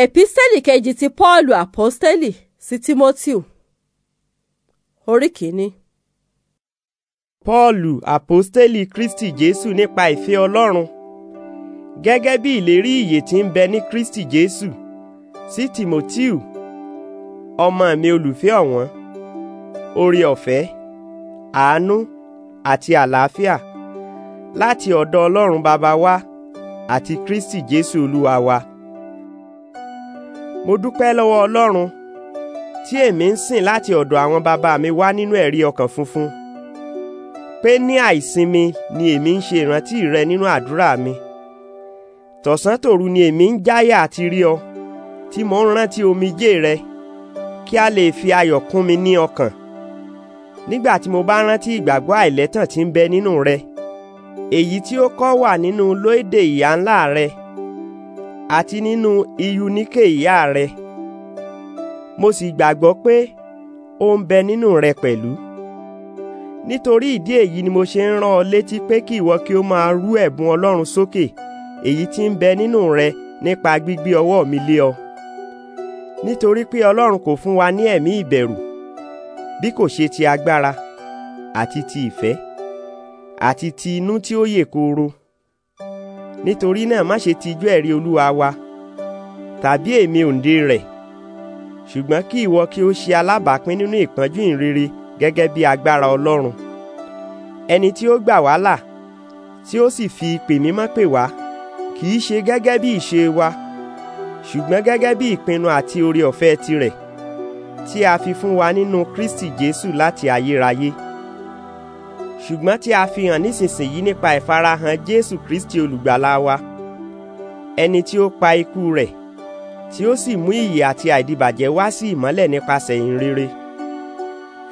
ẹ̀písẹ́lì kejì ti pọ́ọ̀lù àpọ́stẹ́lì sí tímótíù orí kìíní. pọ́ọ̀lù àpọ́stẹ́lì kristi jésù nípa ìfẹ́ ọlọ́run gẹ́gẹ́ bí ìlérí ìyè tí ń bẹ ní kristi jésù sí tímótíù ọmọ mi olùfẹ́ ọ̀wọ́n oore ọ̀fẹ́ àánú àti àlàáfíà láti ọ̀dọ̀ ọlọ́run bàbá wa àti kristi jésù olúwa wa. Wa mo dúpẹ́ lọ́wọ́ ọlọ́run tí èmi ń sìn láti ọ̀dọ̀ àwọn bàbá mi wá nínú ẹ̀rí ọkàn funfun pé ní àìsinmi ni èmi ń ṣe ìrántí rẹ nínú àdúrà mi tọ̀sán tòru ni èmi ń jáyà àti rí ọ tí mò ń rántí omijé rẹ kí a lè fi ayọ̀ kún mi ní ọkàn nígbà tí mo bá rántí ìgbàgbọ́ àìlẹ́tàn tí ń bẹ nínú rẹ èyí tí ó kọ́ wà nínú lóde ìyá ńlá rẹ àti nínú Iyunike ìyá rẹ mo sì gbàgbọ́ pé ó ń bẹ nínú rẹ pẹ̀lú nítorí ìdí èyí ni mo ṣe ń rán ọ létí pé kí ìwọ kí o máa rú ẹ̀bùn Ọlọ́run sókè èyí tí ń bẹ nínú rẹ nípa gbígbé ọwọ́ mi lé ọ nítorí pé Ọlọ́run kò fún wa ní ẹ̀mí ìbẹ̀rù bí kò ṣe ti agbára àti ti ìfẹ́ àti ti inú tí ó yè kooro nítorí náà má ṣe tijú ẹ̀rí olúwa wa tàbí èmi òǹdè rẹ̀ ṣùgbọ́n kí ìwọ kí ó ṣe alábàápín nínú ìpọ́njú ìrere gẹ́gẹ́ bí agbára ọlọ́run ẹni tí ó gbà wá là tí ó sì fi ìpè mímọ́ pè wá kì í ṣe gẹ́gẹ́ bí ìṣe wa ṣùgbọ́n gẹ́gẹ́ bí ìpinnu àti oore ọ̀fẹ́ tirẹ̀ tí a fi fún wa nínú Kristi Jésù láti ayérayé ṣùgbọ́n tí a fi hàn nísinsìnyí nípa ìfarahàn Jésù Kristi olùgbàlà wa ẹni tí ó pa ikú rẹ̀ tí ó sì mú ìyè àti àìdíbàjẹ́ wá sí ìmọ́lẹ̀ nípasẹ̀ ìhìnrere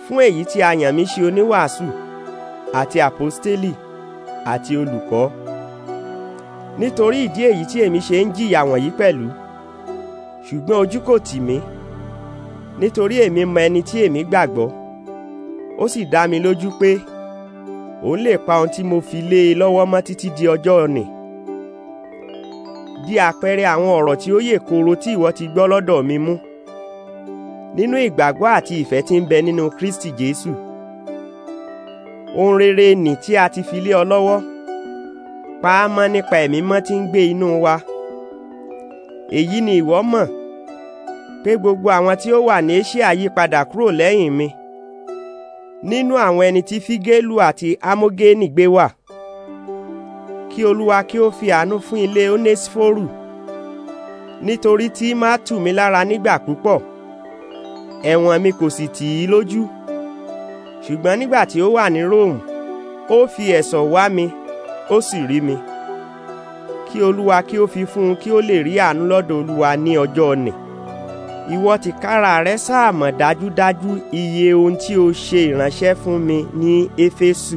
fún èyí tí a yàn mí ṣe oníwàásù àti àpọ́stélì àti olùkọ́ nítorí ìdí èyí tí èmi ṣe ń jìyà wọ̀nyí pẹ̀lú ṣùgbọ́n ojú kò tì mí nítorí èmi mọ ẹni tí èmi gbàgbọ́ ó sì dá mi lójú pé òun lè pa ohun tí mo fi lé e lọ́wọ́ mọ́ títí di ọjọ́ nì di àpẹẹrẹ àwọn ọ̀rọ̀ tí ó yè kooro tí ìwọ ti gbọ́ lọ́dọ̀ mi mú nínú ìgbàgbọ́ àti ìfẹ́ tí ń bẹ nínú Kristi Jésù ohun rere nì tí a ti fi lé ọ lọ́wọ́ pa á mọ́ nípa ẹ̀mí mọ́ tí ń gbé inú wa èyí ni ìwọ mọ̀ pé gbogbo àwọn tí ó wà ní Éṣíà yí padà kúrò lẹ́yìn mi nínú àwọn ẹni tí fígélù àti amógénì gbé wà kí olúwa kí ó fi àánú fún ilé onésífórù nítorí tí máa tù mí lára nígbà púpọ̀ ẹ̀wọ̀n mi kò sì tì í lójú ṣùgbọ́n nígbà tí ó wà ní Róòmù ó fi ẹ̀sọ̀ wá mi ó sì rí mi kí olúwa kí ó fi fún un kí ó lè rí àánú lọ́dọ̀ olúwa ní ọjọ́ nì ìwọ tìkára rẹ sáà mọ̀ dájúdájú iye ohun tí o ṣe ìránṣẹ́ fún mi ní Éfésù